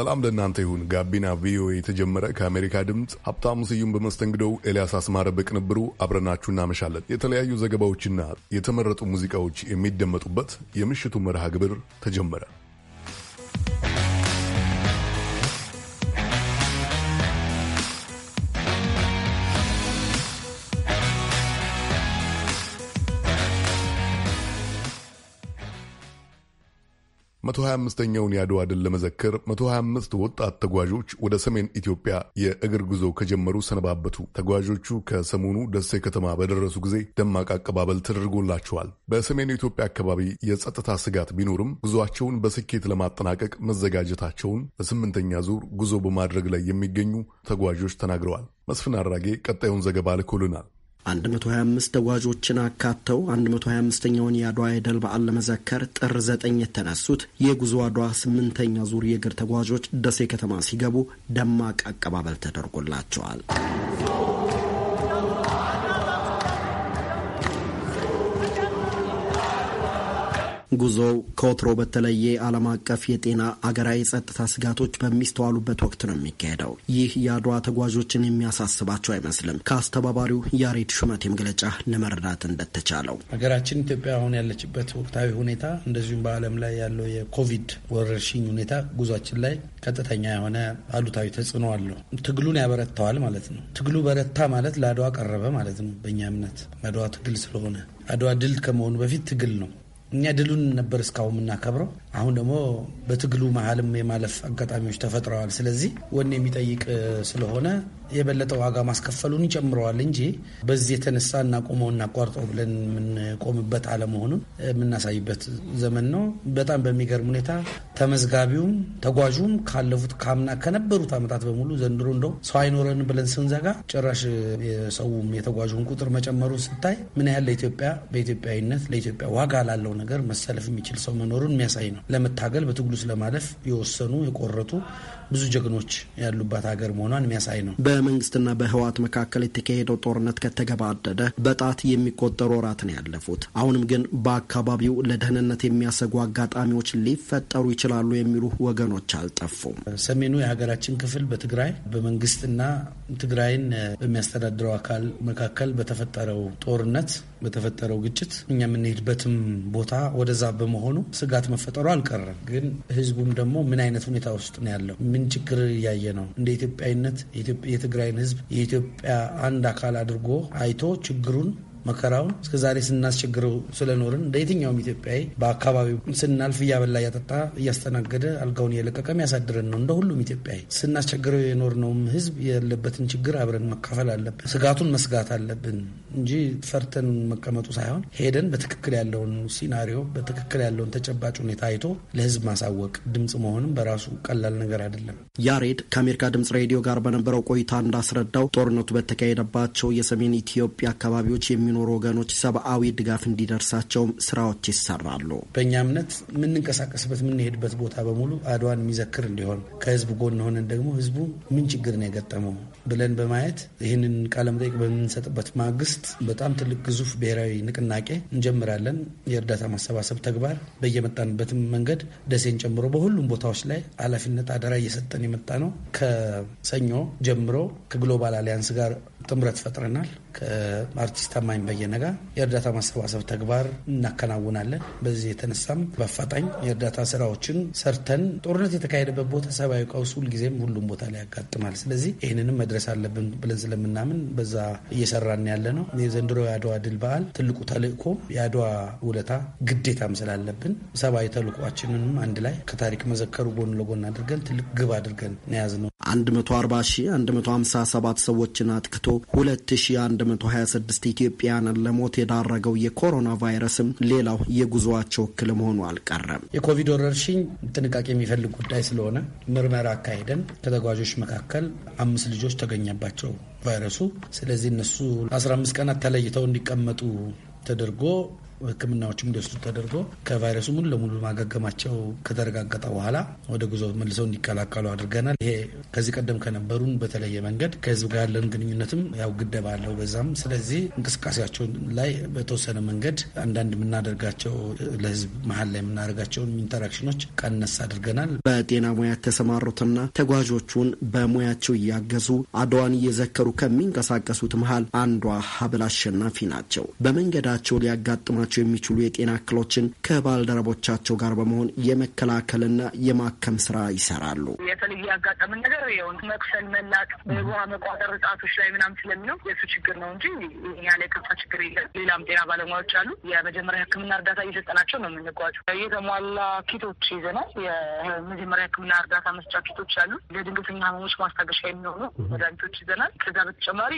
ሰላም ለእናንተ ይሁን። ጋቢና ቪኦኤ የተጀመረ ከአሜሪካ ድምፅ ሀብታሙ ስዩም በመስተንግዶው ኤልያስ አስማረ በቅንብሩ አብረናችሁ እናመሻለን። የተለያዩ ዘገባዎችና የተመረጡ ሙዚቃዎች የሚደመጡበት የምሽቱ መርሃ ግብር ተጀመረ። 125ኛውን የአድዋ ድል ለመዘከር 125 ወጣት ተጓዦች ወደ ሰሜን ኢትዮጵያ የእግር ጉዞ ከጀመሩ ሰነባበቱ። ተጓዦቹ ከሰሞኑ ደሴ ከተማ በደረሱ ጊዜ ደማቅ አቀባበል ተደርጎላቸዋል። በሰሜን ኢትዮጵያ አካባቢ የጸጥታ ስጋት ቢኖርም ጉዞአቸውን በስኬት ለማጠናቀቅ መዘጋጀታቸውን በስምንተኛ ዙር ጉዞ በማድረግ ላይ የሚገኙ ተጓዦች ተናግረዋል። መስፍን አራጌ ቀጣዩን ዘገባ ልኮልናል። 125 ተጓዦችን አካተው 125ኛውን የአድዋ የድል በዓል ለመዘከር ጥር 9 የተነሱት የጉዞ አድዋ ስምንተኛ ዙር የእግር ተጓዦች ደሴ ከተማ ሲገቡ ደማቅ አቀባበል ተደርጎላቸዋል። ጉዞው ከወትሮ በተለየ ዓለም አቀፍ የጤና አገራዊ ጸጥታ ስጋቶች በሚስተዋሉበት ወቅት ነው የሚካሄደው። ይህ የአድዋ ተጓዦችን የሚያሳስባቸው አይመስልም። ከአስተባባሪው ያሬድ ሹመቴ መግለጫ ለመረዳት እንደተቻለው ሀገራችን ኢትዮጵያ አሁን ያለችበት ወቅታዊ ሁኔታ እንደዚሁም በዓለም ላይ ያለው የኮቪድ ወረርሽኝ ሁኔታ ጉዟችን ላይ ቀጥተኛ የሆነ አሉታዊ ተጽዕኖ አለው። ትግሉን ያበረታዋል ማለት ነው። ትግሉ በረታ ማለት ለአድዋ ቀረበ ማለት ነው። በእኛ እምነት አድዋ ትግል ስለሆነ አድዋ ድል ከመሆኑ በፊት ትግል ነው። እኛ ድሉን ነበር እስካሁን የምናከብረው አሁን ደግሞ በትግሉ መሀልም የማለፍ አጋጣሚዎች ተፈጥረዋል። ስለዚህ ወኔ የሚጠይቅ ስለሆነ የበለጠ ዋጋ ማስከፈሉን ይጨምረዋል እንጂ በዚህ የተነሳ እናቆመው እናቋርጠው ብለን የምንቆምበት አለመሆኑን የምናሳይበት ዘመን ነው። በጣም በሚገርም ሁኔታ ተመዝጋቢውም ተጓዡም ካለፉት ካምና ከነበሩት ዓመታት በሙሉ ዘንድሮ እንደው ሰው አይኖረን ብለን ስንዘጋ ጭራሽ የሰውም የተጓዡን ቁጥር መጨመሩ ስታይ ምን ያህል ለኢትዮጵያ በኢትዮጵያዊነት ለኢትዮጵያ ዋጋ ላለው ነገር መሰለፍ የሚችል ሰው መኖሩን የሚያሳይ ነው። ነው። ለመታገል በትግሉ ስለማለፍ የወሰኑ የቆረጡ ብዙ ጀግኖች ያሉባት ሀገር መሆኗን የሚያሳይ ነው። በመንግስትና በህወሓት መካከል የተካሄደው ጦርነት ከተገባደደ በጣት የሚቆጠሩ ወራት ነው ያለፉት። አሁንም ግን በአካባቢው ለደህንነት የሚያሰጉ አጋጣሚዎች ሊፈጠሩ ይችላሉ የሚሉ ወገኖች አልጠፉም። ሰሜኑ የሀገራችን ክፍል በትግራይ በመንግስትና ትግራይን በሚያስተዳድረው አካል መካከል በተፈጠረው ጦርነት በተፈጠረው ግጭት እኛ የምንሄድበትም ቦታ ወደዛ በመሆኑ ስጋት መፈጠሩ አልቀረም። ግን ህዝቡም ደግሞ ምን አይነት ሁኔታ ውስጥ ነው ያለው ምን ችግር እያየ ነው። እንደ ኢትዮጵያዊነት የትግራይን ህዝብ የኢትዮጵያ አንድ አካል አድርጎ አይቶ ችግሩን መከራውን እስከዛሬ ስናስቸግረው ስለኖርን እንደ የትኛውም ኢትዮጵያዊ በአካባቢው ስናልፍ እያበላ እያጠጣ እያስተናገደ አልጋውን እየለቀቀ ያሳድረን ነው። እንደ ሁሉም ኢትዮጵያዊ ስናስቸግረው የኖርነውም ህዝብ ያለበትን ችግር አብረን መካፈል አለብን። ስጋቱን መስጋት አለብን እንጂ ፈርተን መቀመጡ ሳይሆን ሄደን በትክክል ያለውን ሲናሪዮ በትክክል ያለውን ተጨባጭ ሁኔታ አይቶ ለህዝብ ማሳወቅ ድምፅ መሆንም በራሱ ቀላል ነገር አይደለም። ያሬድ ከአሜሪካ ድምፅ ሬዲዮ ጋር በነበረው ቆይታ እንዳስረዳው ጦርነቱ በተካሄደባቸው የሰሜን ኢትዮጵያ አካባቢዎች የሚ ለሚኖሩ ወገኖች ሰብአዊ ድጋፍ እንዲደርሳቸውም ስራዎች ይሰራሉ። በእኛ እምነት የምንንቀሳቀስበት የምንሄድበት ቦታ በሙሉ አድዋን የሚዘክር እንዲሆን ከህዝብ ጎን ሆነን ደግሞ ህዝቡ ምን ችግር ነው የገጠመው ብለን በማየት ይህንን ቃለ መጠይቅ በምንሰጥበት ማግስት በጣም ትልቅ ግዙፍ ብሔራዊ ንቅናቄ እንጀምራለን። የእርዳታ ማሰባሰብ ተግባር በየመጣንበትም መንገድ ደሴን ጨምሮ በሁሉም ቦታዎች ላይ ኃላፊነት አደራ እየሰጠን የመጣ ነው። ከሰኞ ጀምሮ ከግሎባል አሊያንስ ጋር ጥምረት ፈጥረናል። ከአርቲስት በየቀን በየነጋ የእርዳታ ማሰባሰብ ተግባር እናከናውናለን። በዚህ የተነሳም በአፋጣኝ የእርዳታ ስራዎችን ሰርተን ጦርነት የተካሄደበት ቦታ ሰብአዊ ቀውስ ሁልጊዜም ሁሉም ቦታ ላይ ያጋጥማል። ስለዚህ ይህንንም መድረስ አለብን ብለን ስለምናምን በዛ እየሰራን ያለ ነው። የዘንድሮ የአድዋ ድል በዓል ትልቁ ተልእኮ የአድዋ ውለታ ግዴታም ስላለብን ሰብአዊ ተልእኳችንንም አንድ ላይ ከታሪክ መዘከሩ ጎን ለጎን አድርገን ትልቅ ግብ አድርገን ነያዝ ነው 140 ሰዎችን አጥክቶ 2126 ኢትዮጵያ ኢትዮጵያውያንን ለሞት የዳረገው የኮሮና ቫይረስም ሌላው የጉዞቸው እክል መሆኑ አልቀረም። የኮቪድ ወረርሽኝ ጥንቃቄ የሚፈልግ ጉዳይ ስለሆነ ምርመራ አካሄደን ከተጓዦች መካከል አምስት ልጆች ተገኘባቸው ቫይረሱ። ስለዚህ እነሱ 15 ቀናት ተለይተው እንዲቀመጡ ተደርጎ ሕክምናዎችም እንዲወስዱ ተደርጎ ከቫይረሱ ሙሉ ለሙሉ ማገገማቸው ከተረጋገጠ በኋላ ወደ ጉዞ መልሰው እንዲቀላቀሉ አድርገናል። ይሄ ከዚህ ቀደም ከነበሩን በተለየ መንገድ ከህዝብ ጋር ያለን ግንኙነትም ያው ግደባ አለው በዛም። ስለዚህ እንቅስቃሴያቸው ላይ በተወሰነ መንገድ አንዳንድ የምናደርጋቸው ለህዝብ መሀል ላይ የምናደርጋቸውን ኢንተራክሽኖች ቀነስ አድርገናል። በጤና ሙያ የተሰማሩትና ተጓዦቹን በሙያቸው እያገዙ አድዋን እየዘከሩ ከሚንቀሳቀሱት መሀል አንዷ ሀብል አሸናፊ ናቸው። በመንገዳቸው ሊያጋጥማቸው ሊያጋጥሟቸው የሚችሉ የጤና እክሎችን ከባልደረቦቻቸው ጋር በመሆን የመከላከልና የማከም ስራ ይሰራሉ። የተለየ ያጋጠምን ነገር መክሰል፣ መላጥ፣ ውሃ መቋጠር እጣቶች ላይ ምናምን ስለሚለው የእሱ ችግር ነው እንጂ ያ ላይ ከፋ ችግር የለም። ሌላም ጤና ባለሙያዎች አሉ። የመጀመሪያ ሕክምና እርዳታ እየሰጠናቸው ነው የምንጓቸው። የተሟላ ኪቶች ይዘናል። የመጀመሪያ ሕክምና እርዳታ መስጫ ኪቶች አሉ። ለድንገተኛ ህመሞች ማስታገሻ የሚሆኑ መድኃኒቶች ይዘናል። ከዛ በተጨማሪ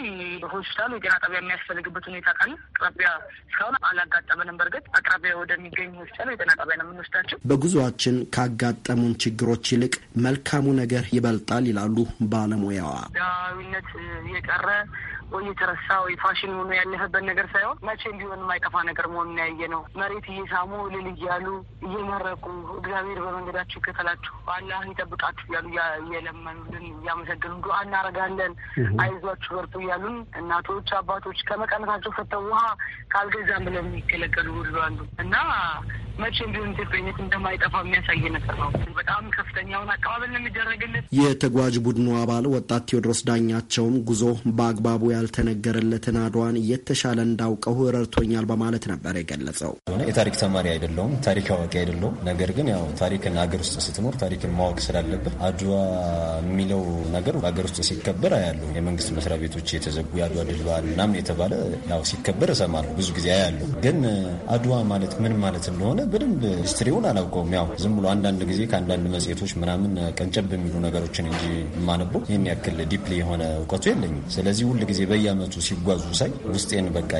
ሆስፒታሉ የጤና ጣቢያ የሚያስፈልግበት ሁኔታ ካለ አቅራቢያ እስካሁን አላጋጠመ አልታመንም። በእርግጥ አቅራቢያ ወደሚገኝ ሆስፒታል የጤና ጣቢያ ነው የምንወስዳቸው። በጉዞአችን ካጋጠሙን ችግሮች ይልቅ መልካሙ ነገር ይበልጣል ይላሉ ባለሙያዋ። ዳዊነት እየቀረ ወይ የፋሽን ሆኖ ያለፈበት ነገር ሳይሆን መቼ እንዲሆን የማይጠፋ ነገር መሆኑን ያየ ነው። መሬት እየሳሙ እልል እያሉ እየመረቁ እግዚአብሔር በመንገዳችሁ ይከተላችሁ፣ አላህ ይጠብቃችሁ እያሉ እየለመኑልን እያመሰገኑ ዱዓ እናረጋለን፣ አይዟችሁ በርቱ እያሉን እናቶች አባቶች ከመቀነታቸው ፈተው ውሃ ካልገዛም ብለው የሚገለገሉ ሁሉ አሉ እና መቼም ቢሆን ኢትዮጵያዊነት እንደማይጠፋ የሚያሳይ ነገር ነው። በጣም ከፍተኛውን አቀባበል ነው የሚደረግለት። የተጓዥ ቡድኑ አባል ወጣት ቴዎድሮስ ዳኛቸውም ጉዞ በአግባቡ ያልተነገረለትን አድዋን እየተሻለ እንዳውቀው ረድቶኛል በማለት ነበር የገለጸው። የታሪክ ተማሪ አይደለውም፣ ታሪክ አዋቂ አይደለውም። ነገር ግን ያው ታሪክን አገር ውስጥ ስትኖር ታሪክን ማወቅ ስላለብህ አድዋ የሚለው ነገር ሀገር ውስጥ ሲከበር አያለሁ። የመንግስት መስሪያ ቤቶች የተዘጉ የአድዋ ድል በዓል ምናምን የተባለ ያው ሲከበር እሰማለሁ፣ ብዙ ጊዜ አያሉ። ግን አድዋ ማለት ምን ማለት እንደሆነ በደንብ ስትሪውን አላውቀውም። ያው ዝም ብሎ አንዳንድ ጊዜ ከአንዳንድ መጽሔቶች ምናምን ቀንጨብ የሚሉ ነገሮችን እንጂ የማነበው ይህን ያክል ዲፕሊ የሆነ እውቀቱ የለኝም። ስለዚህ ሁል ጊዜ በየዓመቱ ሲጓዙ ሳይ ውስጤን በቃ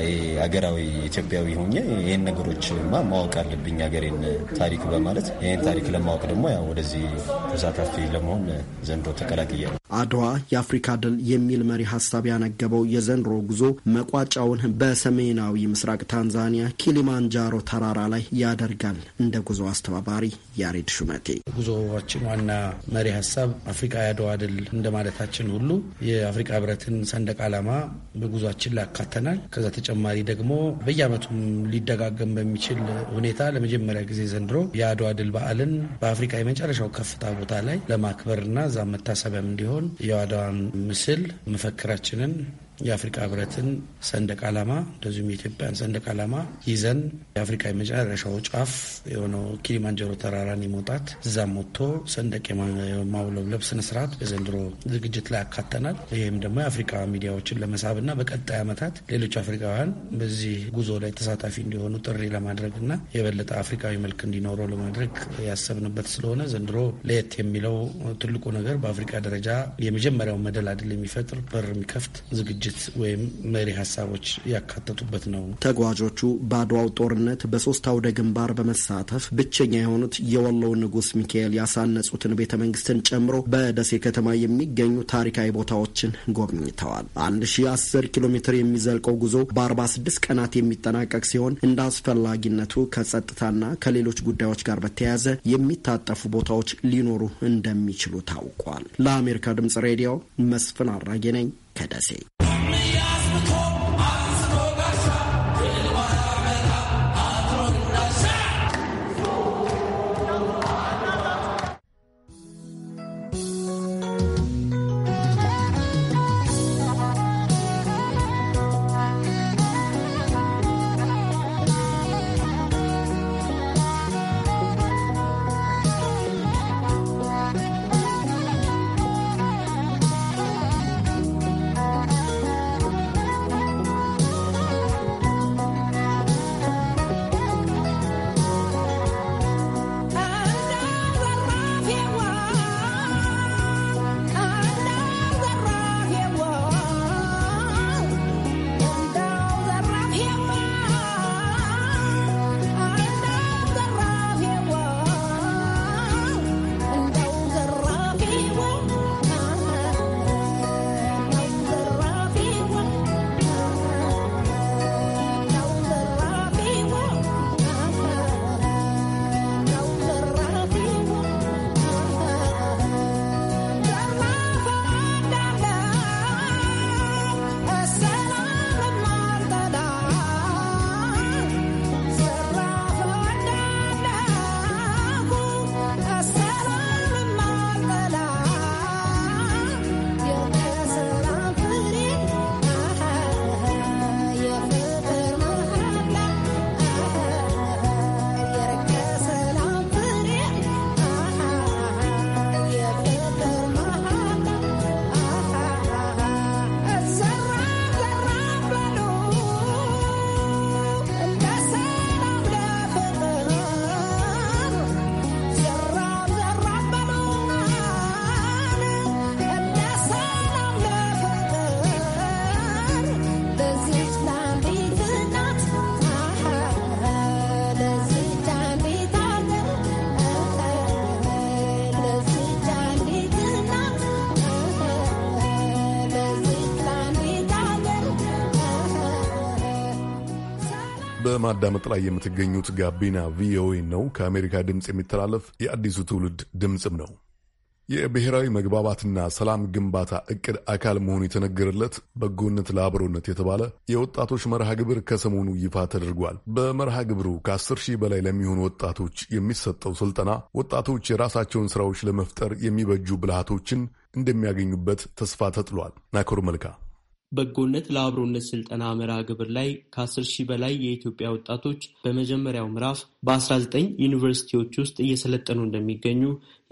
አገራዊ ኢትዮጵያዊ ሆኜ ይህን ነገሮች ማወቅ አለብኝ ሀገሬን ታሪክ በማለት ይህን ታሪክ ለማወቅ ደግሞ ያው ወደዚህ ተሳታፊ ለመሆን ዘንድሮ ተቀላቅያለሁ። አድዋ የአፍሪካ ድል የሚል መሪ ሀሳብ ያነገበው የዘንድሮ ጉዞ መቋጫውን በሰሜናዊ ምስራቅ ታንዛኒያ ኪሊማንጃሮ ተራራ ላይ ያደረ ያደርጋል። እንደ ጉዞ አስተባባሪ ያሬድ ሹመቴ ጉዞዎችን ዋና መሪ ሀሳብ አፍሪካ ያደዋ ድል እንደማለታችን ሁሉ የአፍሪካ ህብረትን ሰንደቅ ዓላማ በጉዞችን ላይ አካተናል። ከዛ ተጨማሪ ደግሞ በየአመቱም ሊደጋገም በሚችል ሁኔታ ለመጀመሪያ ጊዜ ዘንድሮ የአድዋ ድል በዓልን በአፍሪካ የመጨረሻው ከፍታ ቦታ ላይ ለማክበርና እዛ መታሰቢያም እንዲሆን የአድዋን ምስል መፈክራችንን የአፍሪካ ህብረትን ሰንደቅ ዓላማ እንደዚሁም የኢትዮጵያን ሰንደቅ ዓላማ ይዘን የአፍሪካ የመጨረሻው ጫፍ የሆነው ኪሊማንጀሮ ተራራን የመውጣት እዛም ወጥቶ ሰንደቅ የማውለብለብ ስነስርዓት በዘንድሮ ዝግጅት ላይ ያካተናል። ይህም ደግሞ የአፍሪካ ሚዲያዎችን ለመሳብና በቀጣይ ዓመታት ሌሎች አፍሪካውያን በዚህ ጉዞ ላይ ተሳታፊ እንዲሆኑ ጥሪ ለማድረግና የበለጠ አፍሪካዊ መልክ እንዲኖረው ለማድረግ ያሰብንበት ስለሆነ ዘንድሮ ለየት የሚለው ትልቁ ነገር በአፍሪካ ደረጃ የመጀመሪያውን መደላድል የሚፈጥር በር የሚከፍት ዝግጅት ዝግጅት ወይም መሪ ሀሳቦች ያካተቱበት ነው። ተጓዦቹ በአድዋው ጦርነት በሶስት አውደ ግንባር በመሳተፍ ብቸኛ የሆኑት የወሎው ንጉሥ ሚካኤል ያሳነጹትን ቤተ መንግስትን ጨምሮ በደሴ ከተማ የሚገኙ ታሪካዊ ቦታዎችን ጎብኝተዋል። አስር ኪሎ ሜትር የሚዘልቀው ጉዞ በ ስድስት ቀናት የሚጠናቀቅ ሲሆን እንደ አስፈላጊነቱ ከጸጥታና ከሌሎች ጉዳዮች ጋር በተያያዘ የሚታጠፉ ቦታዎች ሊኖሩ እንደሚችሉ ታውቋል። ለአሜሪካ ድምጽ ሬዲዮ መስፍን አራጌ ነኝ ከደሴ። በማዳመጥ ላይ የምትገኙት ጋቢና ቪኦኤ ነው። ከአሜሪካ ድምፅ የሚተላለፍ የአዲሱ ትውልድ ድምፅም ነው። የብሔራዊ መግባባትና ሰላም ግንባታ እቅድ አካል መሆኑ የተነገረለት በጎነት ለአብሮነት የተባለ የወጣቶች መርሃ ግብር ከሰሞኑ ይፋ ተደርጓል። በመርሃ ግብሩ ከአስር ሺህ በላይ ለሚሆኑ ወጣቶች የሚሰጠው ስልጠና ወጣቶች የራሳቸውን ስራዎች ለመፍጠር የሚበጁ ብልሃቶችን እንደሚያገኙበት ተስፋ ተጥሏል። ናኮር መልካ በጎነት ለአብሮነት ስልጠና መርሃ ግብር ላይ ከ10 ሺህ በላይ የኢትዮጵያ ወጣቶች በመጀመሪያው ምዕራፍ በ19 ዩኒቨርሲቲዎች ውስጥ እየሰለጠኑ እንደሚገኙ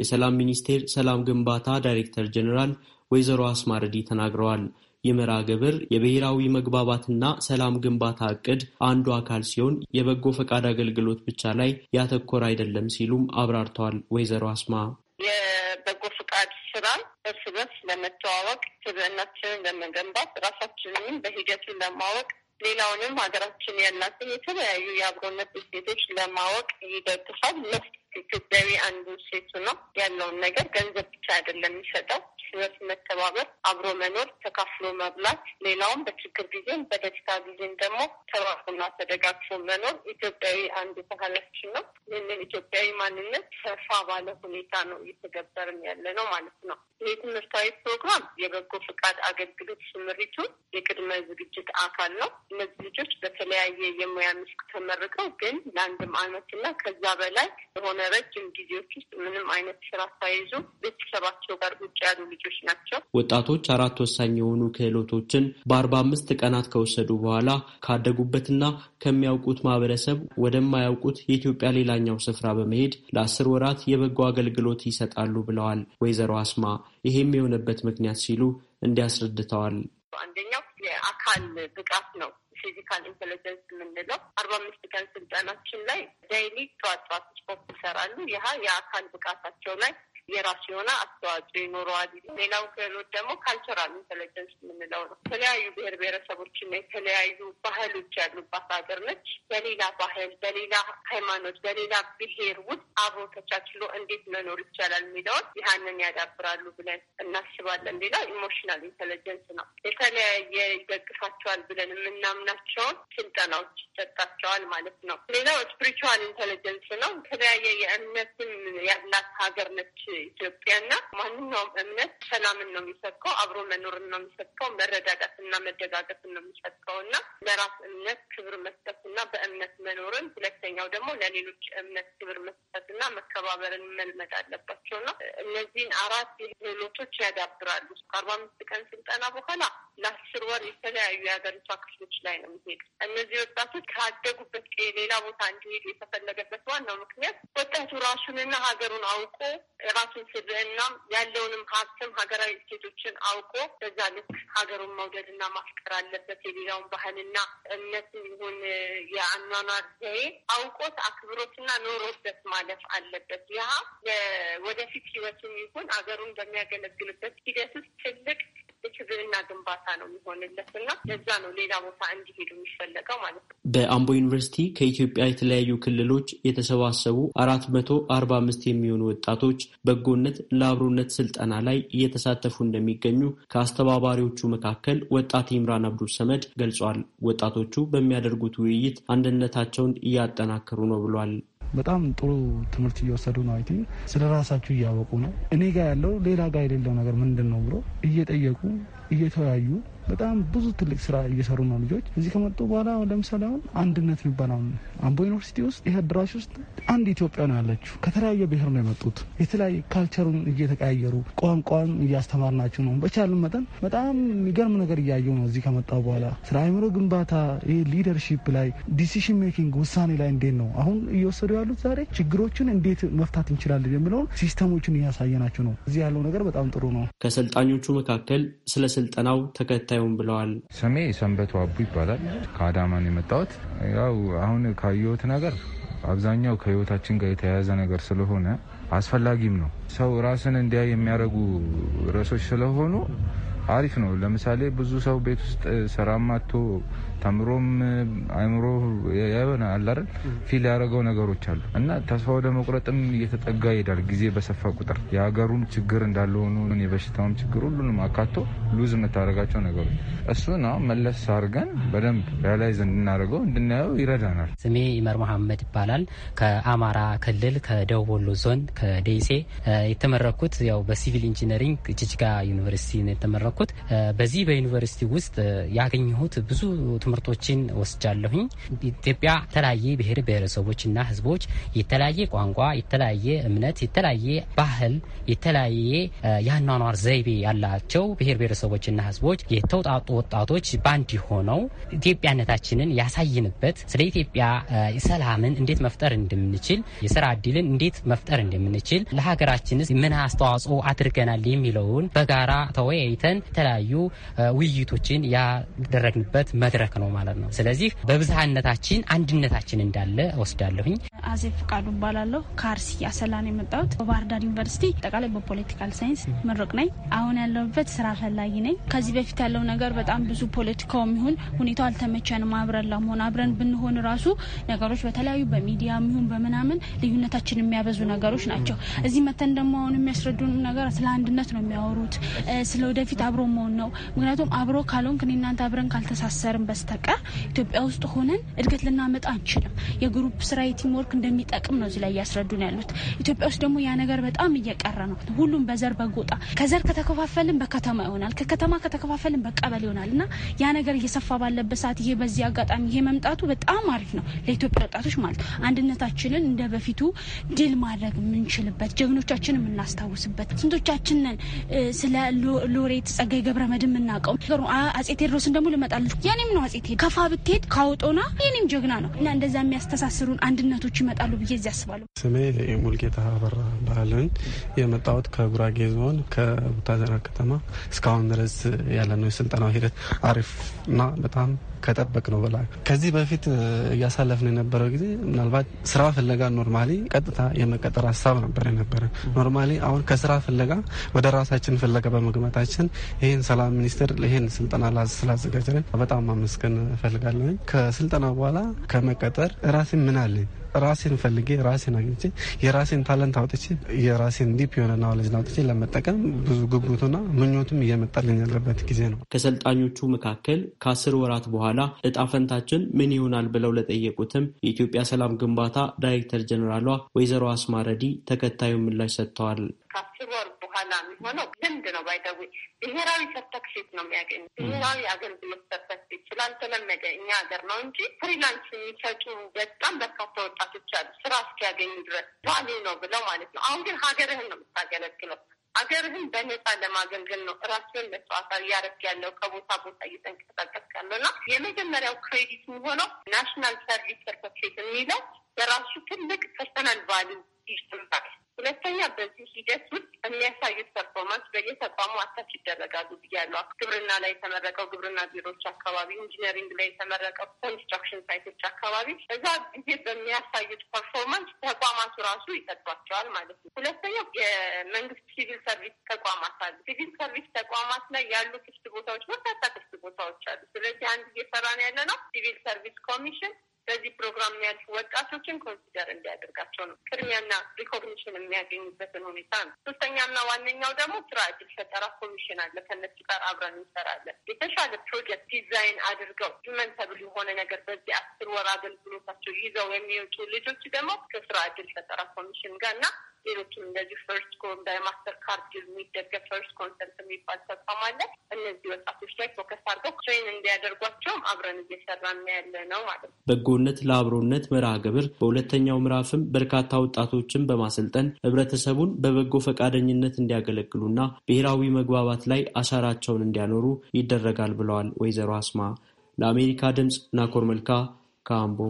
የሰላም ሚኒስቴር ሰላም ግንባታ ዳይሬክተር ጀኔራል ወይዘሮ አስማረዲ ተናግረዋል። ይህ መርሃ ግብር የብሔራዊ መግባባትና ሰላም ግንባታ እቅድ አንዱ አካል ሲሆን የበጎ ፈቃድ አገልግሎት ብቻ ላይ ያተኮረ አይደለም ሲሉም አብራርተዋል። ወይዘሮ አስማ የበጎ ፈቃድ ስራ እርስ በርስ ለመተዋወቅ ስብዕናችንን ለመገንባት ራሳችንንም በሂደቱ ለማወቅ ሌላውንም ሀገራችን ያላትን የተለያዩ የአብሮነት እሴቶች ለማወቅ ይደግፋል። መስ ኢትዮጵያዊ አንዱ ሴቱ ነው ያለውን ነገር ገንዘብ ብቻ አይደለም የሚሰጠው ህይወት መተባበር፣ አብሮ መኖር፣ ተካፍሎ መብላት፣ ሌላውም በችግር ጊዜም በደስታ ጊዜም ደግሞ ተባብሮና ተደጋግፎ መኖር ኢትዮጵያዊ አንዱ ባህላችን ነው። ይህንን ኢትዮጵያዊ ማንነት ሰፋ ባለ ሁኔታ ነው እየተገበርን ያለ ነው ማለት ነው። ይህ ትምህርታዊ ፕሮግራም የበጎ ፍቃድ አገልግሎት ስምሪቱ የቅድመ ዝግጅት አካል ነው። እነዚህ ልጆች በተለያየ የሙያ መስክ ተመርቀው ግን ለአንድም ዓመትና ከዛ በላይ የሆነ ረጅም ጊዜዎች ውስጥ ምንም አይነት ስራ ሳይዙ ቤተሰባቸው ጋር ውጭ ያሉ ልጆች ናቸው። ወጣቶች አራት ወሳኝ የሆኑ ክህሎቶችን በአርባ አምስት ቀናት ከወሰዱ በኋላ ካደጉበትና ከሚያውቁት ማህበረሰብ ወደማያውቁት የኢትዮጵያ ሌላኛው ስፍራ በመሄድ ለአስር ወራት የበጎ አገልግሎት ይሰጣሉ ብለዋል ወይዘሮ አስማ። ይሄም የሆነበት ምክንያት ሲሉ እንዲያስረድተዋል። አንደኛው የአካል ብቃት ነው ፊዚካል ኢንቴሊጀንስ የምንለው አርባ አምስት ቀን ስልጠናችን ላይ ዳይሊ ጠዋት ጠዋት ስፖርት ይሰራሉ። ይህ የአካል ብቃታቸው ላይ የራሱ የሆነ አስተዋጽኦ ይኖረዋል። ሌላው ክህሎት ደግሞ ካልቸራል ኢንቴሊጀንስ የምንለው ነው። የተለያዩ ብሔር ብሔረሰቦችና የተለያዩ ባህሎች ያሉባት ሀገር ነች። በሌላ ባህል፣ በሌላ ሃይማኖት፣ በሌላ ብሔር ውስጥ አብሮ ተቻችሎ እንዴት መኖር ይቻላል የሚለውን ይህንን ያዳብራሉ ብለን እናስባለን። ሌላ ኢሞሽናል ኢንቴሊጀንስ ነው። የተለያየ ይደግፋቸዋል ብለን የምናምናቸውን ስልጠናዎች ይሰጣቸዋል ማለት ነው። ሌላው ስፕሪቹዋል ኢንቴሊጀንስ ነው። የተለያየ የእምነትም ያላት ሀገር ነች ኢትዮጵያና ማንኛውም እምነት ሰላምን ነው የሚሰብከው፣ አብሮ መኖርን ነው የሚሰብከው፣ መረዳዳትና መደጋገፍን ነው የሚሰብከው እና ለራስ እምነት ክብር መስጠትና በእምነት መኖርን፣ ሁለተኛው ደግሞ ለሌሎች እምነት ክብር መስጠትና መከባበርን መልመድ አለባቸው ነው። እነዚህን አራት ክህሎቶች ያዳብራሉ ከአርባ አምስት ቀን ስልጠና በኋላ ለአስር ወር የተለያዩ የሀገሪቷ ክፍሎች ላይ ነው የሚሄዱ። እነዚህ ወጣቶች ካደጉበት ሌላ ቦታ እንዲሄዱ የተፈለገበት ዋናው ምክንያት ወጣቱ ራሱንና ሀገሩን አውቆ የራሱን ስብዕና ያለውንም ሀብትም ሀገራዊ እሴቶችን አውቆ በዛ ልክ ሀገሩን መውደድና ማፍቀር አለበት። የሌላውን ባህልና እምነትን ይሁን የአኗኗር ዘዬ አውቆት አክብሮትና ኖሮበት ማለፍ አለበት። ያ ወደፊት ህይወትም ይሁን ሀገሩን በሚያገለግልበት ሂደት ውስጥ ትልቅ የክብርና ግንባታ ነው የሚሆንለት እና ለዛ ነው ሌላ ቦታ እንዲሄዱ የሚፈለገው ማለት ነው። በአምቦ ዩኒቨርሲቲ ከኢትዮጵያ የተለያዩ ክልሎች የተሰባሰቡ አራት መቶ አርባ አምስት የሚሆኑ ወጣቶች በጎነት ለአብሮነት ስልጠና ላይ እየተሳተፉ እንደሚገኙ ከአስተባባሪዎቹ መካከል ወጣት ኢምራን አብዱ ሰመድ ገልጿል። ወጣቶቹ በሚያደርጉት ውይይት አንድነታቸውን እያጠናከሩ ነው ብሏል። በጣም ጥሩ ትምህርት እየወሰዱ ነው። አይ ቲንክ ስለ ራሳችሁ እያወቁ ነው። እኔ ጋር ያለው ሌላ ጋር የሌለው ነገር ምንድን ነው ብሎ እየጠየቁ እየተወያዩ በጣም ብዙ ትልቅ ስራ እየሰሩ ነው ልጆች። እዚህ ከመጡ በኋላ ለምሳሌ አሁን አንድነት የሚባል አምቦ ዩኒቨርሲቲ ውስጥ ይህ አድራሽ ውስጥ አንድ ኢትዮጵያ ነው ያለችው። ከተለያየ ብሔር ነው የመጡት። የተለያየ ካልቸሩን እየተቀያየሩ ቋንቋን እያስተማርናቸው ነው። በቻሉ መጠን በጣም የሚገርም ነገር እያየው ነው እዚህ ከመጣ በኋላ ስራ አይምሮ ግንባታ፣ ይህ ሊደርሺፕ ላይ ዲሲሽን ሜኪንግ ውሳኔ ላይ እንዴት ነው አሁን እየወሰዱ ያሉት ዛሬ ችግሮችን እንዴት መፍታት እንችላለን የሚለውን ሲስተሞችን እያሳየናቸው ነው። እዚህ ያለው ነገር በጣም ጥሩ ነው። ከሰልጣኞቹ መካከል ስለ ስልጠናው ተከታዩም ብለዋል። ስሜ ሰንበቱ አቡ ይባላል። ከአዳማን የመጣሁት ያው አሁን ካየሁት ነገር አብዛኛው ከህይወታችን ጋር የተያያዘ ነገር ስለሆነ አስፈላጊም ነው። ሰው ራስን እንዲያ የሚያደርጉ ርዕሶች ስለሆኑ አሪፍ ነው። ለምሳሌ ብዙ ሰው ቤት ውስጥ ስራ ማቶ ተምሮም አይምሮ የሆነ አለ ፊል ያደረገው ነገሮች አሉ እና ተስፋ ወደ መቁረጥም እየተጠጋ ይሄዳል። ጊዜ በሰፋ ቁጥር የሀገሩም ችግር እንዳለሆኑ የበሽታውም ችግር ሁሉንም አካቶ ሉዝ የምታደረጋቸው ነገሮች እሱ ነው። መለስ አድርገን በደንብ ሪያላይዝ እንድናደርገው እንድናየው ይረዳናል። ስሜ ይመር መሐመድ ይባላል። ከአማራ ክልል ከደቡብ ወሎ ዞን ከደሴ የተመረኩት ያው በሲቪል ኢንጂነሪንግ ጅጅጋ ዩኒቨርሲቲ ነው የተመረኩት። በዚህ በዩኒቨርሲቲ ውስጥ ያገኘሁት ብዙ ትምህርቶችን ወስጃለሁኝ። ኢትዮጵያ የተለያየ ብሔር ብሔረሰቦችና ህዝቦች የተለያየ ቋንቋ፣ የተለያየ እምነት፣ የተለያየ ባህል፣ የተለያየ የአኗኗር ዘይቤ ያላቸው ብሔር ብሔረሰቦችና ህዝቦች የተውጣጡ ወጣቶች ባንድ ሆነው ኢትዮጵያነታችንን ያሳይንበት ስለ ኢትዮጵያ ሰላምን እንዴት መፍጠር እንደምንችል የስራ እድልን እንዴት መፍጠር እንደምንችል ለሀገራችንስ ምን አስተዋጽኦ አድርገናል የሚለውን በጋራ ተወያይተን የተለያዩ ውይይቶችን ያደረግንበት መድረክ ነው። ነው ማለት ነው። ስለዚህ በብዝሃነታችን አንድነታችን እንዳለ ወስዳለሁኝ። አዜብ ፍቃዱ እባላለሁ። ከአርሲ አሰላ ነው የመጣሁት። በባህርዳር ዩኒቨርሲቲ አጠቃላይ በፖለቲካል ሳይንስ ምሩቅ ነኝ። አሁን ያለሁበት ስራ ፈላጊ ነኝ። ከዚህ በፊት ያለው ነገር በጣም ብዙ ፖለቲካው ይሁን ሁኔታው አልተመቸንም። አብረን ለመሆን አብረን ብንሆን ራሱ ነገሮች በተለያዩ በሚዲያ ይሁን በምናምን ልዩነታችን የሚያበዙ ነገሮች ናቸው። እዚህ መተን ደግሞ አሁን የሚያስረዱን ነገር ስለ አንድነት ነው የሚያወሩት፣ ስለ ወደፊት አብሮ መሆን ነው። ምክንያቱም አብሮ ካልሆንክ እኔ እናንተ አብረን ካልተሳሰርን በስተ በስተቀር ኢትዮጵያ ውስጥ ሆነን እድገት ልናመጣ አንችልም። የግሩፕ ስራ የቲም ወርክ እንደሚጠቅም ነው እዚህ ላይ እያስረዱን ያሉት። ኢትዮጵያ ውስጥ ደግሞ ያ ነገር በጣም እየቀረ ነው። ሁሉም በዘር በጎጣ ከዘር ከተከፋፈልን በከተማ ይሆናል፣ ከከተማ ከተከፋፈልን በቀበሌ ይሆናል እና ያ ነገር እየሰፋ ባለበት ሰዓት ይሄ በዚህ አጋጣሚ ይሄ መምጣቱ በጣም አሪፍ ነው ለኢትዮጵያ ወጣቶች ማለት ነው። አንድነታችንን እንደ በፊቱ ድል ማድረግ የምንችልበት ጀግኖቻችን የምናስታውስበት ስንቶቻችንን ስለ ሎሬት ጸጋዬ ገብረ መድኅን የምናውቀው አጼ ቴዎድሮስን ደግሞ ልመጣለት ያኔም ነው አጼ ሴት ከፋ ብትሄድ ካውጦና የኔም ጀግና ነው እና እንደዛ የሚያስተሳስሩን አንድነቶች ይመጣሉ ብዬ እዚህ አስባለሁ። ስሜ ሙልጌታ አበራ ባህልን የመጣሁት ከጉራጌ ዞን ከቡታጀራ ከተማ እስካሁን ድረስ ያለነው የስልጠናው ሂደት አሪፍ እና በጣም ከጠበቅ ነው በላ ከዚህ በፊት እያሳለፍን የነበረው ጊዜ ምናልባት ስራ ፍለጋ ኖርማሊ ቀጥታ የመቀጠር ሀሳብ ነበር የነበረ። ኖርማሊ አሁን ከስራ ፍለጋ ወደ ራሳችን ፍለጋ በመግባታችን ይህን ሰላም ሚኒስቴር ይህን ስልጠና ስላዘጋጀልን በጣም ማመስገን እፈልጋለሁ። ከስልጠና በኋላ ከመቀጠር ራሴ ምን አለኝ ራሴን ፈልጌ ራሴን አግኝቼ የራሴን ታለንት አውጥቼ የራሴን ዲፕ የሆነ ናውለጅን አውጥቼ ለመጠቀም ብዙ ጉጉቱና ምኞቱም እየመጣልኝ ያለበት ጊዜ ነው። ከሰልጣኞቹ መካከል ከአስር ወራት በኋላ እጣፈንታችን ምን ይሆናል ብለው ለጠየቁትም የኢትዮጵያ ሰላም ግንባታ ዳይሬክተር ጀኔራሏ ወይዘሮ አስማረዲ ተከታዩ ምላሽ ሰጥተዋል። በኋላ የሚሆነው ልምድ ነው። ባይደዊ ብሔራዊ ሰርተፍኬት ነው የሚያገኙ ብሔራዊ አገልግሎት ሰርተፍኬት ስላልተለመደ እኛ ሀገር ነው እንጂ ፍሪላንስ የሚሰጡ በጣም በርካታ ወጣቶች አሉ። ስራ እስኪያገኙ ድረስ ባሌ ነው ብለው ማለት ነው። አሁን ግን ሀገርህን ነው የምታገለግለው። ሀገርህን በነፃ ለማገልገል ነው ራስን መስዋዕት እያደረግ ያለው ከቦታ ቦታ እየተንቀሳቀስ ያለውና የመጀመሪያው ክሬዲት የሚሆነው ናሽናል ሰርቪስ ሰርተፍኬት የሚለው በራሱ ትልቅ ፐርሰናል ቫሉ ይጨምራል። ሁለተኛ በዚህ ሂደት ውስጥ የሚያሳዩት ፐርፎርማንስ በየተቋሙ አታች ይደረጋሉ ብያለሁ። ግብርና ላይ የተመረቀው ግብርና ቢሮዎች አካባቢ፣ ኢንጂነሪንግ ላይ የተመረቀው ኮንስትራክሽን ሳይቶች አካባቢ እዛ ጊዜ በሚያሳዩት ፐርፎርማንስ ተቋማቱ ራሱ ይሰጧቸዋል ማለት ነው። ሁለተኛው የመንግስት ሲቪል ሰርቪስ ተቋማት አሉ። ሲቪል ሰርቪስ ተቋማት ላይ ያሉ ክፍት ቦታዎች በርካታ ክፍት ቦታዎች አሉ። ስለዚህ አንድ እየሰራ ነው ያለ ነው ሲቪል ሰርቪስ ኮሚሽን በዚህ ፕሮግራም የሚያልፉ ወጣቶችን ኮንሲደር እንዲያደርጋቸው ነው። ቅድሚያና ሪኮግኒሽን የሚያገኙበትን ሁኔታ ነው። ሶስተኛና ዋነኛው ደግሞ ስራ እድል ፈጠራ ኮሚሽን አለ። ከነሱ ጋር አብረን እንሰራለን። የተሻለ ፕሮጀክት ዲዛይን አድርገው ሂውመን ተብሎ የሆነ ነገር በዚህ አስር ወር አገልግሎታቸው ይዘው የሚወጡ ልጆች ደግሞ ከስራ እድል ፈጠራ ኮሚሽን ጋር እና ሌሎችም እንደዚህ ፈርስት ኮን በማስተር ካርድ የሚደገፍ ፈርስት ኮንሰርት የሚባል ተቋም አለ። እነዚህ ወጣቶች ላይ ፎከስ አድርገው ትሬን እንዲያደርጓቸውም አብረን እየሰራን ያለ ነው ማለት ነው። በጎነት ለአብሮነት መርሃ ግብር በሁለተኛው ምዕራፍም በርካታ ወጣቶችን በማሰልጠን ህብረተሰቡን በበጎ ፈቃደኝነት እንዲያገለግሉና ብሔራዊ መግባባት ላይ አሻራቸውን እንዲያኖሩ ይደረጋል ብለዋል ወይዘሮ አስማ። ለአሜሪካ ድምፅ ናኮር መልካ ካምቦ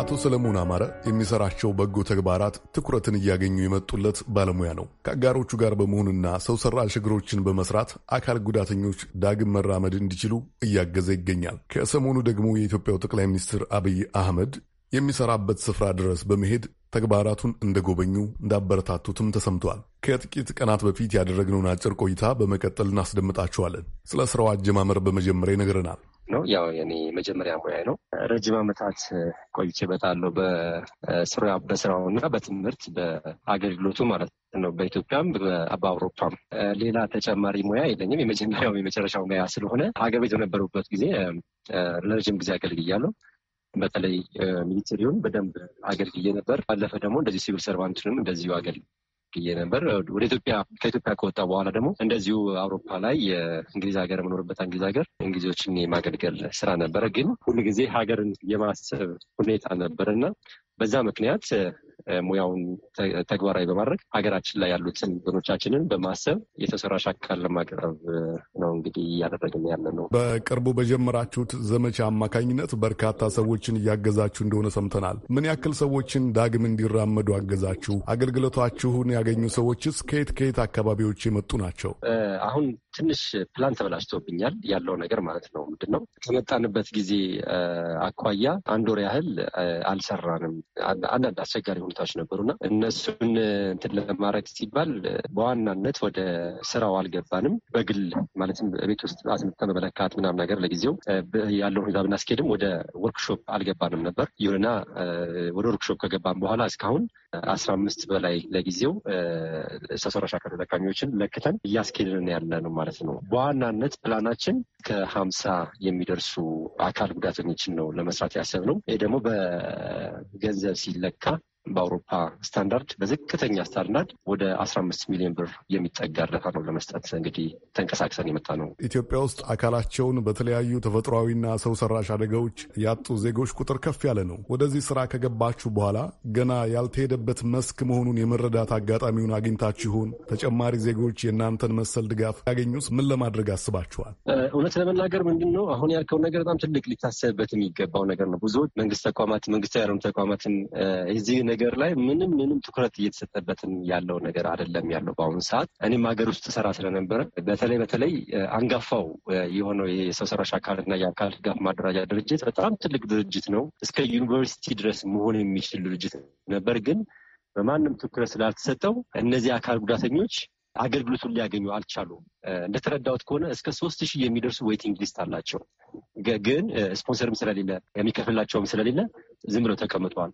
አቶ ሰለሞን አማረ የሚሰራቸው በጎ ተግባራት ትኩረትን እያገኙ የመጡለት ባለሙያ ነው። ከአጋሮቹ ጋር በመሆንና ሰው ሰራሽ ችግሮችን በመስራት አካል ጉዳተኞች ዳግም መራመድ እንዲችሉ እያገዘ ይገኛል። ከሰሞኑ ደግሞ የኢትዮጵያው ጠቅላይ ሚኒስትር አብይ አህመድ የሚሰራበት ስፍራ ድረስ በመሄድ ተግባራቱን እንደጎበኙ እንዳበረታቱትም ተሰምተዋል። ከጥቂት ቀናት በፊት ያደረግነውን አጭር ቆይታ በመቀጠል እናስደምጣችኋለን። ስለ ስራው አጀማመር በመጀመሪያ ይነግረናል። ነው። ያው የኔ መጀመሪያ ሙያ ነው። ረጅም ዓመታት በታለው በስራ በስራው እና በትምህርት በአገልግሎቱ ማለት ነው። በኢትዮጵያም በአውሮፓም ሌላ ተጨማሪ ሙያ የለኝም። የመጀመሪያው የመጨረሻው ሙያ ስለሆነ ሀገር ቤት በነበሩበት ጊዜ ለረጅም ጊዜ አገልግያለሁ። በተለይ ሚኒስትሪውን በደንብ አገልግዬ ነበር። ባለፈ ደግሞ እንደዚህ ሲቪል ሰርቫንቱንም እንደዚሁ አገልግ ብዬ ነበር። ወደ ኢትዮጵያ ከኢትዮጵያ ከወጣ በኋላ ደግሞ እንደዚሁ አውሮፓ ላይ የእንግሊዝ ሀገር የምኖርበት እንግሊዝ ሀገር እንግሊዞችን የማገልገል ስራ ነበረ። ግን ጊዜ ሀገርን የማሰብ ሁኔታ ነበር እና በዛ ምክንያት ሙያውን ተግባራዊ በማድረግ ሀገራችን ላይ ያሉትን ብኖቻችንን በማሰብ የተሰራ አካል ለማቅረብ ነው እንግዲህ እያደረግን ያለ ነው። በቅርቡ በጀመራችሁት ዘመቻ አማካኝነት በርካታ ሰዎችን እያገዛችሁ እንደሆነ ሰምተናል። ምን ያክል ሰዎችን ዳግም እንዲራመዱ አገዛችሁ? አገልግሎታችሁን ያገኙ ሰዎችስ ከየት ከየት አካባቢዎች የመጡ ናቸው? አሁን ትንሽ ፕላን ተበላሽቶብኛል ያለው ነገር ማለት ነው። ምንድን ነው ከመጣንበት ጊዜ አኳያ አንድ ወር ያህል አልሰራንም። አንዳንድ አስቸጋሪ ሁኔታዎች ነበሩ እነሱን እንትን ለማድረግ ሲባል በዋናነት ወደ ስራው አልገባንም። በግል ማለትም ቤት ውስጥ አስምተን በመለካት ምናምን ነገር ለጊዜው ያለው ሁኔታ ብናስኬድም ወደ ወርክሾፕ አልገባንም ነበር። ይሁንና ወደ ወርክሾፕ ከገባን በኋላ እስካሁን አስራ አምስት በላይ ለጊዜው ሰው ሰራሽ አካል ተጠቃሚዎችን ለክተን እያስኬድን ያለ ነው ማለት ነው። በዋናነት ፕላናችን ከሀምሳ የሚደርሱ አካል ጉዳተኞችን ነው ለመስራት ነው። ይህ ደግሞ በገንዘብ ሲለካ በአውሮፓ ስታንዳርድ በዝቅተኛ ስታንዳርድ ወደ አስራ አምስት ሚሊዮን ብር የሚጠጋ እርዳታ ነው ለመስጠት እንግዲህ ተንቀሳቅሰን የመጣ ነው። ኢትዮጵያ ውስጥ አካላቸውን በተለያዩ ተፈጥሯዊና ሰው ሰራሽ አደጋዎች ያጡ ዜጎች ቁጥር ከፍ ያለ ነው። ወደዚህ ስራ ከገባችሁ በኋላ ገና ያልተሄደበት መስክ መሆኑን የመረዳት አጋጣሚውን አግኝታችሁን ተጨማሪ ዜጎች የእናንተን መሰል ድጋፍ ያገኙስ ምን ለማድረግ አስባችኋል? እውነት ለመናገር ምንድን ነው አሁን ያልከው ነገር በጣም ትልቅ ሊታሰብበት የሚገባው ነገር ነው። ብዙዎች መንግስት ተቋማት መንግስታዊ ያልሆኑ ተቋማትን ነገር ላይ ምንም ምንም ትኩረት እየተሰጠበትም ያለው ነገር አይደለም ያለው በአሁኑ ሰዓት። እኔም ሀገር ውስጥ ስራ ስለነበረ በተለይ በተለይ አንጋፋው የሆነው የሰው ሰራሽ አካልና የአካል ድጋፍ ማደራጃ ድርጅት በጣም ትልቅ ድርጅት ነው። እስከ ዩኒቨርሲቲ ድረስ መሆን የሚችል ድርጅት ነበር። ግን በማንም ትኩረት ስላልተሰጠው እነዚህ አካል ጉዳተኞች አገልግሎቱን ሊያገኙ አልቻሉም። እንደተረዳሁት ከሆነ እስከ ሶስት ሺህ የሚደርሱ ዌይቲንግ ሊስት አላቸው። ግን ስፖንሰርም ስለሌለ የሚከፍላቸውም ስለሌለ ዝም ብለው ተቀምጠዋል።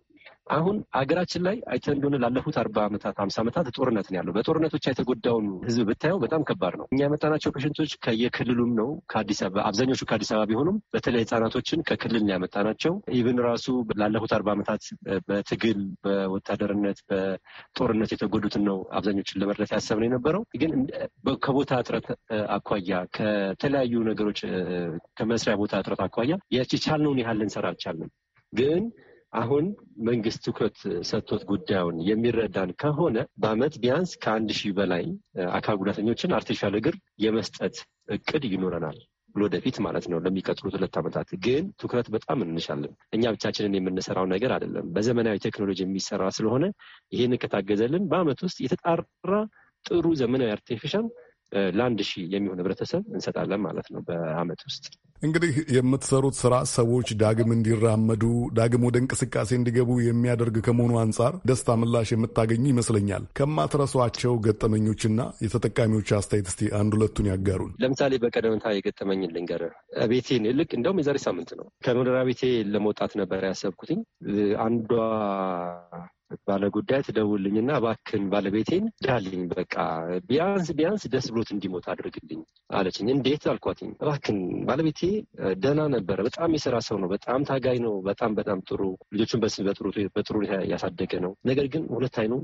አሁን አገራችን ላይ አይተህ እንደሆነ ላለፉት አርባ ዓመታት ሀምሳ ዓመታት ጦርነት ነው ያለው። በጦርነቶች የተጎዳውን ህዝብ ብታየው በጣም ከባድ ነው። እኛ ያመጣናቸው ፔሽንቶች ከየክልሉም ነው ከአዲስ አበባ አብዛኞቹ ከአዲስ አበባ ቢሆኑም በተለይ ህጻናቶችን ከክልል ነው ያመጣናቸው። ኢብን ራሱ ላለፉት አርባ ዓመታት በትግል በወታደርነት በጦርነት የተጎዱትን ነው አብዛኞችን ለመርዳት ያሰብነው የነበረው። ግን ከቦታ እጥረት አኳያ ከተለያዩ ነገሮች ከመስሪያ ቦታ እጥረት አኳያ የቻልነውን ያህል ልንሰራ አልቻልንም ግን አሁን መንግስት ትኩረት ሰጥቶት ጉዳዩን የሚረዳን ከሆነ በአመት ቢያንስ ከአንድ ሺህ በላይ አካል ጉዳተኞችን አርቲፊሻል እግር የመስጠት እቅድ ይኖረናል ወደፊት ማለት ነው። ለሚቀጥሉት ሁለት ዓመታት ግን ትኩረት በጣም እንሻለን። እኛ ብቻችንን የምንሰራው ነገር አይደለም። በዘመናዊ ቴክኖሎጂ የሚሰራ ስለሆነ ይህንን ከታገዘልን በአመት ውስጥ የተጣራ ጥሩ ዘመናዊ አርቲፊሻል ለአንድ ሺህ የሚሆን ህብረተሰብ እንሰጣለን ማለት ነው በአመት ውስጥ እንግዲህ የምትሰሩት ስራ ሰዎች ዳግም እንዲራመዱ ዳግም ወደ እንቅስቃሴ እንዲገቡ የሚያደርግ ከመሆኑ አንጻር ደስታ ምላሽ የምታገኙ ይመስለኛል። ከማትረሷቸው ገጠመኞችና የተጠቃሚዎች አስተያየት እስቲ አንድ ሁለቱን ያጋሩን። ለምሳሌ በቀደምታ የገጠመኝ ልንገር። ቤቴን ልክ እንደውም የዛሬ ሳምንት ነው ከመኖሪያ ቤቴ ለመውጣት ነበር ያሰብኩትኝ። አንዷ ትደውልኝ ትደውልኝና ባክን ባለቤቴን ዳልኝ በቃ ቢያንስ ቢያንስ ደስ ብሎት እንዲሞት አድርግልኝ አለችኝ። እንዴት አልኳትኝ። እባክህን ባለቤቴ ደህና ነበረ። በጣም የስራ ሰው ነው። በጣም ታጋይ ነው። በጣም በጣም ጥሩ ልጆቹን በጥሩ ሁኔታ ያሳደገ ነው። ነገር ግን ሁለት አይኑ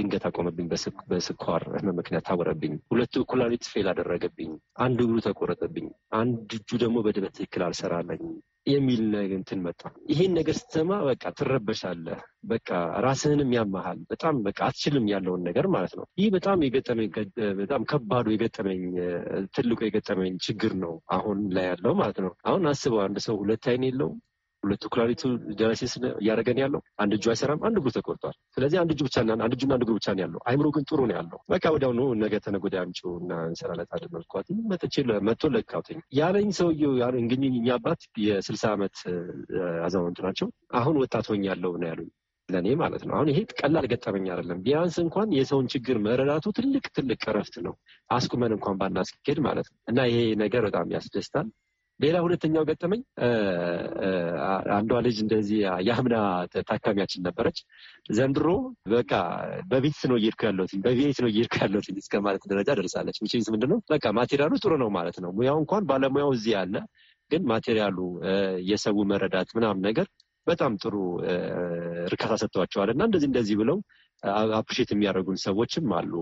ድንገት አቆመብኝ። በስኳር ህመም ምክንያት ታወረብኝ። ሁለቱ ኩላሊት ፌል አደረገብኝ። አንድ እግሩ ተቆረጠብኝ። አንድ እጁ ደግሞ በደበት ትክክል አልሰራለኝ። የሚል እንትን መጣ። ይሄን ነገር ስትሰማ በቃ ትረበሻለህ። በቃ ራስህንም ያመሃል። በጣም በቃ አትችልም ያለውን ነገር ማለት ነው። ይህ በጣም የገጠመኝ በጣም ከባዱ የገጠመኝ ትልቁ የገጠመኝ ችግር ነው አሁን ላይ ያለው ማለት ነው። አሁን አስበው አንድ ሰው ሁለት አይን የለውም ሁለቱ ኩላሊቱ ጀነሲስ እያደረገን ያለው አንድ እጁ አይሰራም፣ አንድ እግሩ ተቆርጧል። ስለዚህ አንድ እጁ ብቻ አንድ እጁና አንድ እግሩ ብቻ ነው ያለው። አይምሮ ግን ጥሩ ነው ያለው። በቃ ወዲያውኑ ነገ ተነጎዳ ያምጭ እና እንሰራለት አድመልኳት መጥቼ መጥቶ ለካውተኝ ያለኝ ሰውዬው እንግዲህ እኛ አባት የስልሳ ዓመት አዛውንቱ ናቸው። አሁን ወጣት ሆኛለሁ ነው ያሉኝ ለእኔ ማለት ነው። አሁን ይሄ ቀላል ገጠመኝ አይደለም። ቢያንስ እንኳን የሰውን ችግር መረዳቱ ትልቅ ትልቅ እረፍት ነው። አስቁመን እንኳን ባናስኬድ ማለት ነው እና ይሄ ነገር በጣም ያስደስታል። ሌላ ሁለተኛው ገጠመኝ አንዷ ልጅ እንደዚህ የአምና ታካሚያችን ነበረች። ዘንድሮ በቃ በቤት ነው እየሄድኩ ያለሁት በቤት ነው እየሄድኩ ያለሁት እስከ ማለት ደረጃ ደርሳለች። ምችስ ምንድነው በቃ ማቴሪያሉ ጥሩ ነው ማለት ነው። ሙያው እንኳን ባለሙያው እዚህ ያለ ግን ማቴሪያሉ የሰው መረዳት ምናምን ነገር በጣም ጥሩ እርካታ ሰጥተዋቸዋል እና እንደዚህ እንደዚህ ብለው አፕሪሼት የሚያደርጉን ሰዎችም አሉ።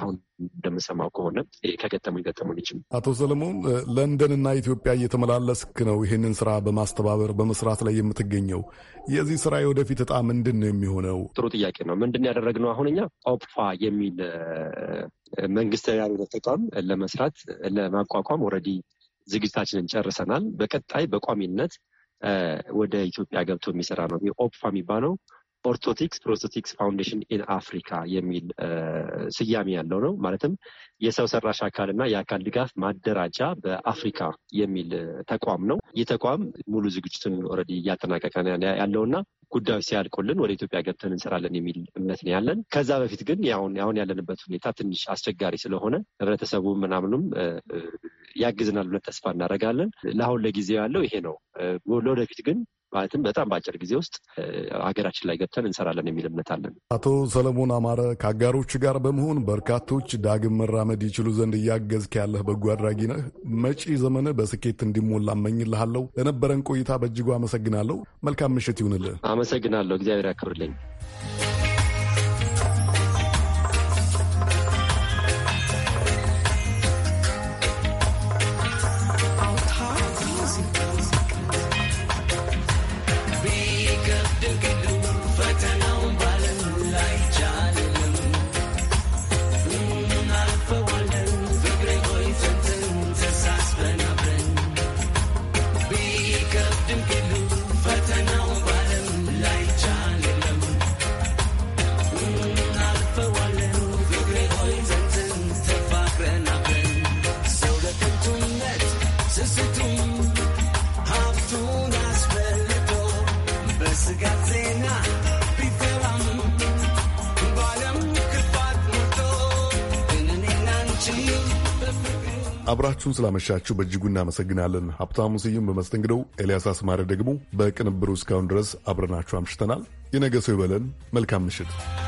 አሁን እንደምሰማው ከሆነ ከገጠሙኝ ይችም አቶ ሰለሞን ለንደንና ኢትዮጵያ እየተመላለስክ ነው ይህንን ስራ በማስተባበር በመስራት ላይ የምትገኘው። የዚህ ስራ የወደፊት እጣ ምንድን ነው የሚሆነው? ጥሩ ጥያቄ ነው። ምንድን ያደረግነው አሁን እኛ ኦፕፋ የሚል መንግስታዊ ያልሆነ ተቋም ለመስራት ለማቋቋም ኦልሬዲ ዝግጅታችንን ጨርሰናል። በቀጣይ በቋሚነት ወደ ኢትዮጵያ ገብቶ የሚሰራ ነው ኦፕፋ የሚባለው ኦርቶቲክስ ፕሮስቴቲክስ ፋውንዴሽን ኢን አፍሪካ የሚል ስያሜ ያለው ነው። ማለትም የሰው ሰራሽ አካልና የአካል ድጋፍ ማደራጃ በአፍሪካ የሚል ተቋም ነው። ይህ ተቋም ሙሉ ዝግጅቱን ኦልሬዲ እያጠናቀቀ ያለውና ጉዳዩ ሲያልቁልን ወደ ኢትዮጵያ ገብተን እንሰራለን የሚል እምነት ነው ያለን። ከዛ በፊት ግን አሁን ያለንበት ሁኔታ ትንሽ አስቸጋሪ ስለሆነ ህብረተሰቡ ምናምኑም ያግዝናል ብለን ተስፋ እናደርጋለን። ለአሁን ለጊዜው ያለው ይሄ ነው። ለወደፊት ግን ማለትም በጣም በአጭር ጊዜ ውስጥ ሀገራችን ላይ ገብተን እንሰራለን የሚል እምነት አለን። አቶ ሰለሞን አማረ ከአጋሮች ጋር በመሆን በርካቶች ዳግም መራመድ ይችሉ ዘንድ እያገዝክ ያለህ በጎ አድራጊ ነህ። መጪ ዘመን በስኬት እንዲሞላ እመኝልሃለሁ። ለነበረን ቆይታ በእጅጉ አመሰግናለሁ። መልካም ምሽት ይሁንልህ። አመሰግናለሁ። እግዚአብሔር ያክብርልኝ። አብራችሁን ስላመሻችሁ በእጅጉ እናመሰግናለን። ሀብታሙ ስዩም በመስተንግደው፣ ኤልያስ አስማረ ደግሞ በቅንብሩ እስካሁን ድረስ አብረናችሁ አምሽተናል። የነገ ሰው ይበለን። መልካም ምሽት።